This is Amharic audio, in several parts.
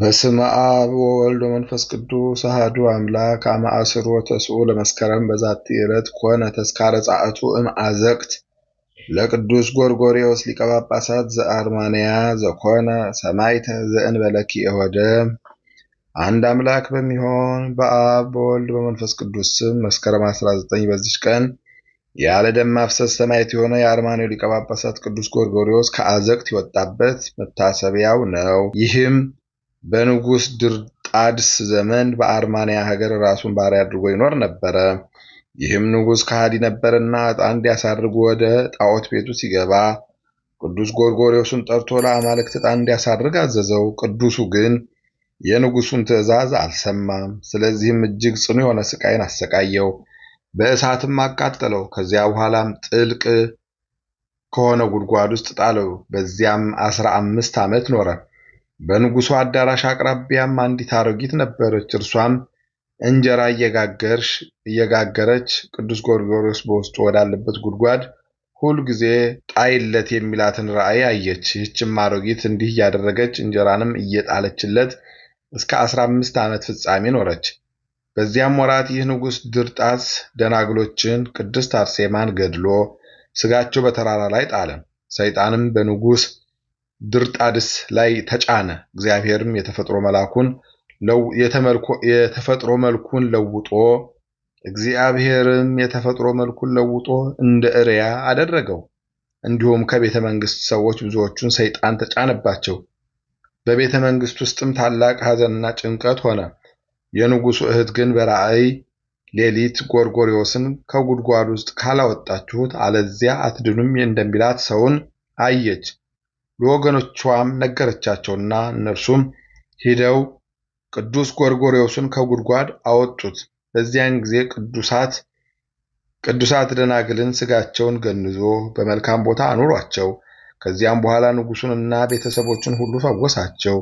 በስመ አብ ወወልድ ወመንፈስ ቅዱስ አሐዱ አምላክ አመ አስሮ ተስዑ ለመስከረም በዛቲ ዕለት ኮነ ተስካረ ጻዕቱ እምአዘቅት ለቅዱስ ጎርጎርዮስ ሊቀ ጳጳሳት ዘአርማንያ ዘኮነ ሰማዕተ ዘእንበለኪ ወደም። አንድ አምላክ በሚሆን በአብ በወልድ በመንፈስ ቅዱስ ስም መስከረም 19 በዚች ቀን ያለ ደም ማፍሰስ ሰማዕት የሆነ የአርማንያው ሊቀ ጳጳሳት ቅዱስ ጎርጎርዮስ ከአዘቅት የወጣበት መታሰቢያው ነው። ይህም በንጉሥ ድርጣድስ ዘመን በአርማንያ ሀገር ራሱን ባሪያ አድርጎ ይኖር ነበረ። ይህም ንጉሥ ከሃዲ ነበርና ዕጣን እንዲያሳርግ ወደ ጣዖት ቤቱ ሲገባ ቅዱስ ጎርጎርዮስን ጠርቶ ለአማልክት ዕጣን እንዲያሳርግ አዘዘው። ቅዱሱ ግን የንጉሱን ትእዛዝ አልሰማም። ስለዚህም እጅግ ጽኑ የሆነ ስቃይን አሰቃየው፣ በእሳትም አቃጠለው። ከዚያ በኋላም ጥልቅ ከሆነ ጉድጓድ ውስጥ ጣለው። በዚያም አስራ አምስት ዓመት ኖረ። በንጉሱ አዳራሽ አቅራቢያም አንዲት አሮጊት ነበረች። እርሷም እንጀራ እየጋገረች ቅዱስ ጎርጎርዮስ በውስጡ ወዳለበት ጉድጓድ ሁልጊዜ ጣይለት የሚላትን ራእይ አየች። ይህችም አሮጊት እንዲህ እያደረገች እንጀራንም እየጣለችለት እስከ አስራ አምስት ዓመት ፍጻሜ ኖረች። በዚያም ወራት ይህ ንጉሥ ድርጣስ ደናግሎችን ቅድስት አርሴማን ገድሎ ስጋቸው በተራራ ላይ ጣለ። ሰይጣንም በንጉሥ ድርጣድስ ላይ ተጫነ። እግዚአብሔርም የተፈጥሮ መልኩን የተፈጥሮ መልኩን ለውጦ እግዚአብሔርም የተፈጥሮ መልኩን ለውጦ እንደ እሪያ አደረገው። እንዲሁም ከቤተ መንግስት ሰዎች ብዙዎቹን ሰይጣን ተጫነባቸው። በቤተ መንግስት ውስጥም ታላቅ ሐዘንና ጭንቀት ሆነ። የንጉሱ እህት ግን በራእይ ሌሊት ጎርጎሪዎስን ከጉድጓድ ውስጥ ካላወጣችሁት አለዚያ አትድኑም እንደሚላት ሰውን አየች። ለወገኖቿም ነገረቻቸውና እነርሱም ሂደው ቅዱስ ጎርጎሪዎስን ከጉድጓድ አወጡት። በዚያን ጊዜ ቅዱሳት ቅዱሳት ደናግልን ስጋቸውን ገንዞ በመልካም ቦታ አኖሯቸው። ከዚያም በኋላ ንጉሱንና ቤተሰቦቹን ሁሉ ፈወሳቸው።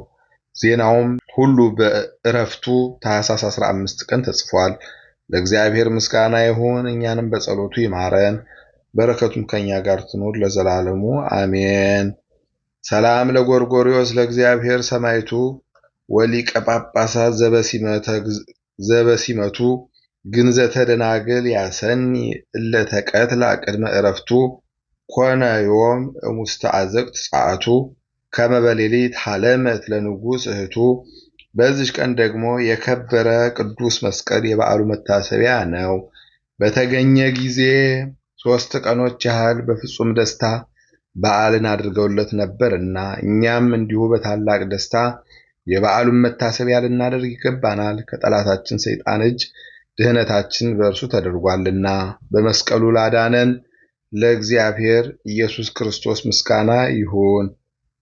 ዜናውም ሁሉ በእረፍቱ ታኅሳስ 15 ቀን ተጽፏል። ለእግዚአብሔር ምስጋና ይሁን፣ እኛንም በጸሎቱ ይማረን፣ በረከቱም ከእኛ ጋር ትኑር ለዘላለሙ አሜን። ሰላም ለጎርጎሪዎስ ለእግዚአብሔር ሰማይቱ ወሊቀ ጳጳሳት ዘበሲመቱ ግንዘተ ደናግል ያሰኒ እለተቀትላ ቅድመ ዕረፍቱ ኮነ ዮም እሙስተ አዘቅት ጸአቱ ከመበሌሊት ሀለመት ለንጉሥ እህቱ። በዚች ቀን ደግሞ የከበረ ቅዱስ መስቀል የበዓሉ መታሰቢያ ነው። በተገኘ ጊዜ ሦስት ቀኖች ያህል በፍጹም ደስታ በዓልን አድርገውለት ነበር እና እኛም እንዲሁ በታላቅ ደስታ የበዓሉን መታሰቢያ ልናደርግ ይገባናል። ከጠላታችን ሰይጣን እጅ ድህነታችን በእርሱ ተደርጓልና በመስቀሉ ላዳነን ለእግዚአብሔር ኢየሱስ ክርስቶስ ምስጋና ይሁን።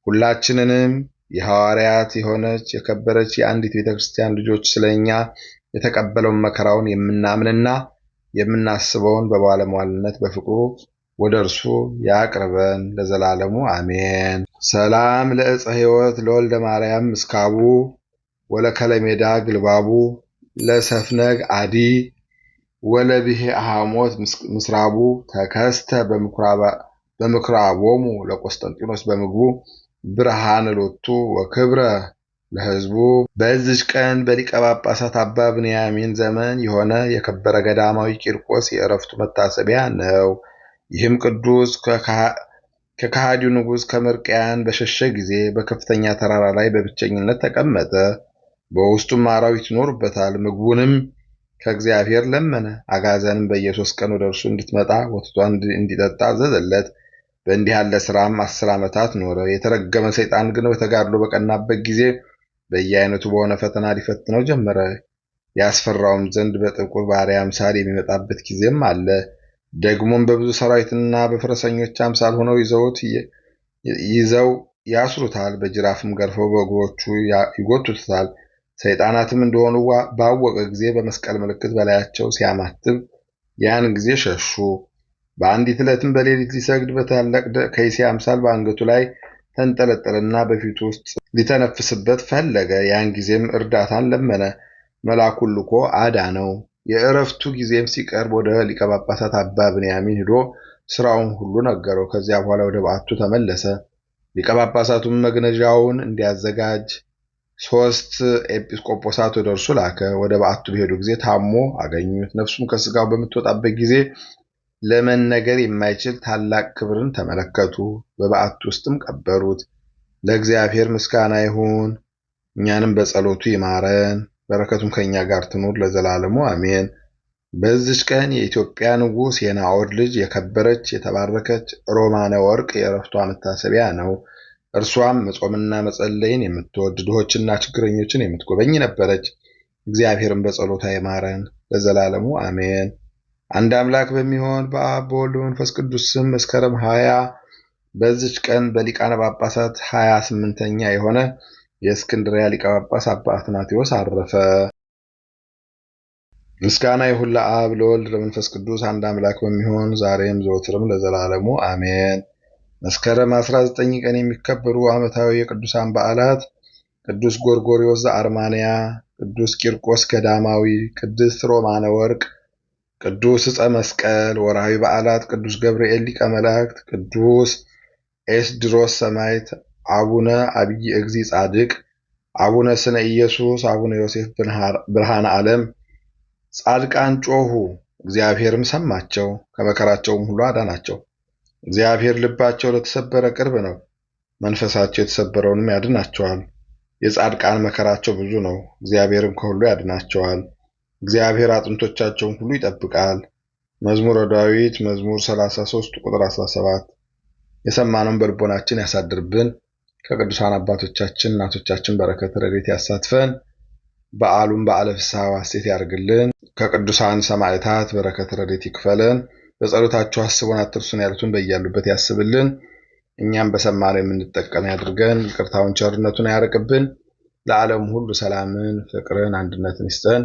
ሁላችንንም የሐዋርያት የሆነች የከበረች የአንዲት ቤተ ክርስቲያን ልጆች ስለኛ የተቀበለውን መከራውን የምናምንና የምናስበውን በባለሟልነት በፍቅሩ ወደ እርሱ ያቅርበን ለዘላለሙ አሜን። ሰላም ለእፀ ሕይወት ለወልደ ማርያም ምስካቡ ወለከለሜዳ ግልባቡ ለሰፍነግ አዲ ወለብሄ አሃሞት ምስራቡ ተከስተ በምኩራቦሙ ለቆስጠንጢኖስ በምግቡ ብርሃን ሎቱ ወክብረ ለሕዝቡ በዚች ቀን በሊቀ ጳጳሳት አባ ብንያሚን ዘመን የሆነ የከበረ ገዳማዊ ቂርቆስ የእረፍቱ መታሰቢያ ነው። ይህም ቅዱስ ከከሃዲው ንጉሥ ከምርቅያን በሸሸ ጊዜ በከፍተኛ ተራራ ላይ በብቸኝነት ተቀመጠ። በውስጡም አራዊት ይኖሩበታል። ምግቡንም ከእግዚአብሔር ለመነ። አጋዘንም በየሶስት ቀን ወደ እርሱ እንድትመጣ ወተቷን እንዲጠጣ አዘዘለት። በእንዲህ ያለ ሥራም አስር ዓመታት ኖረ። የተረገመ ሰይጣን ግን በተጋድሎ በቀናበት ጊዜ በየአይነቱ በሆነ ፈተና ሊፈትነው ጀመረ። ያስፈራውም ዘንድ በጥቁር ባሪያ አምሳል የሚመጣበት ጊዜም አለ። ደግሞም በብዙ ሰራዊትና በፈረሰኞች አምሳል ሆነው ይዘውት ይዘው ያስሩታል፣ በጅራፍም ገርፈው በእግሮቹ ይጎቱታል። ሰይጣናትም እንደሆኑ ባወቀ ጊዜ በመስቀል ምልክት በላያቸው ሲያማትብ ያን ጊዜ ሸሹ። በአንዲት ዕለትም በሌሊት ሊሰግድ በታላቅ ከይሴ አምሳል በአንገቱ ላይ ተንጠለጠለና በፊቱ ውስጥ ሊተነፍስበት ፈለገ። ያን ጊዜም እርዳታን ለመነ፣ መልአኩን ልኮ አዳነው። የእረፍቱ ጊዜም ሲቀርብ ወደ ሊቀ ጳጳሳት አባ ብንያሚን ሂዶ ስራውን ሁሉ ነገረው። ከዚያ በኋላ ወደ በዓቱ ተመለሰ። ሊቀ ጳጳሳቱም መግነዣውን እንዲያዘጋጅ ሶስት ኤጲስቆጶሳት ወደ እርሱ ላከ። ወደ በዓቱ በሄዱ ጊዜ ታሞ አገኙት። ነፍሱም ከስጋው በምትወጣበት ጊዜ ለመነገር የማይችል ታላቅ ክብርን ተመለከቱ። በበዓቱ ውስጥም ቀበሩት። ለእግዚአብሔር ምስጋና ይሁን፣ እኛንም በጸሎቱ ይማረን በረከቱም ከእኛ ጋር ትኑር ለዘላለሙ አሜን። በዚች ቀን የኢትዮጵያ ንጉሥ የናዖድ ልጅ የከበረች የተባረከች ሮማነ ወርቅ የዕረፍቷ መታሰቢያ ነው። እርሷም መጾምና መጸለይን የምትወድ ድሆችና ችግረኞችን የምትጎበኝ ነበረች። እግዚአብሔርን በጸሎታ ይማረን ለዘላለሙ አሜን። አንድ አምላክ በሚሆን በአብ በወልድ በመንፈስ ቅዱስ ስም መስከረም ሀያ በዚች ቀን በሊቃነ ጳጳሳት ሀያ ስምንተኛ የሆነ የእስክንድሪያ ሊቀ ጳጳስ አባ አትናቴዎስ አረፈ። ምስጋና ይሁን ለአብ ለወልድ ለመንፈስ ቅዱስ አንድ አምላክ በሚሆን ዛሬም ዘወትርም ለዘላለሙ አሜን። መስከረም 19 ቀን የሚከበሩ ዓመታዊ የቅዱሳን በዓላት ቅዱስ ጎርጎሪዎስ ዘአርማንያ፣ ቅዱስ ቂርቆስ ገዳማዊ፣ ቅድስት ሮማነ ወርቅ፣ ቅዱስ ዕፀ መስቀል። ወርሃዊ በዓላት ቅዱስ ገብርኤል ሊቀ መላእክት፣ ቅዱስ ኤስድሮስ ሰማዕት አቡነ አብይ እግዚ ጻድቅ፣ አቡነ ስነ ኢየሱስ፣ አቡነ ዮሴፍ ብርሃነ ዓለም ጻድቃን ጮኹ፣ እግዚአብሔርም ሰማቸው፣ ከመከራቸውም ሁሉ አዳናቸው። እግዚአብሔር ልባቸው ለተሰበረ ቅርብ ነው፣ መንፈሳቸው የተሰበረውንም ያድናቸዋል። የጻድቃን መከራቸው ብዙ ነው፣ እግዚአብሔርም ከሁሉ ያድናቸዋል። እግዚአብሔር አጥንቶቻቸውን ሁሉ ይጠብቃል። መዝሙረ ዳዊት መዝሙር 33 ቁጥር 17። የሰማነውን በልቦናችን ያሳድርብን። ከቅዱሳን አባቶቻችን እናቶቻችን በረከት ረድኤት ያሳትፈን። በዓሉን በዓለ ፍስሐ ዋስቴት ያርግልን። ከቅዱሳን ሰማዕታት በረከት ረድኤት ይክፈለን። በጸሎታችሁ አስቡን አትርሱን ያሉትን በያሉበት ያስብልን። እኛም በሰማነው የምንጠቀም ያድርገን። ቅርታውን ቸርነቱን አያርቅብን። ለዓለም ሁሉ ሰላምን፣ ፍቅርን፣ አንድነትን ይስጠን።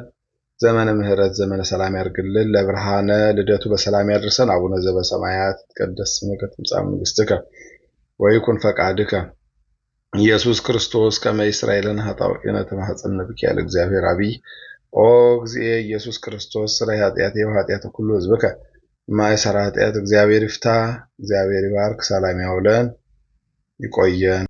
ዘመነ ምሕረት ዘመነ ሰላም ያርግልን። ለብርሃነ ልደቱ በሰላም ያድርሰን። አቡነ ዘበሰማያት ይትቀደስ ስምከ ትምጻእ መንግሥትከ ወይኩን ፈቃድከ ኢየሱስ ክርስቶስ ከመ እስራኤልን ተማጽን ተማኅፀንብኪ ያለ እግዚአብሔር አብይ ኦ እግዚእ ኢየሱስ ክርስቶስ ስለ ኃጢአቴ ወኃጢአተ ኩሉ ሕዝብከ ማእሰረ ኃጢአት እግዚአብሔር ይፍታ። እግዚአብሔር ይባርክ። ሰላም ያውለን፣ ይቆየን።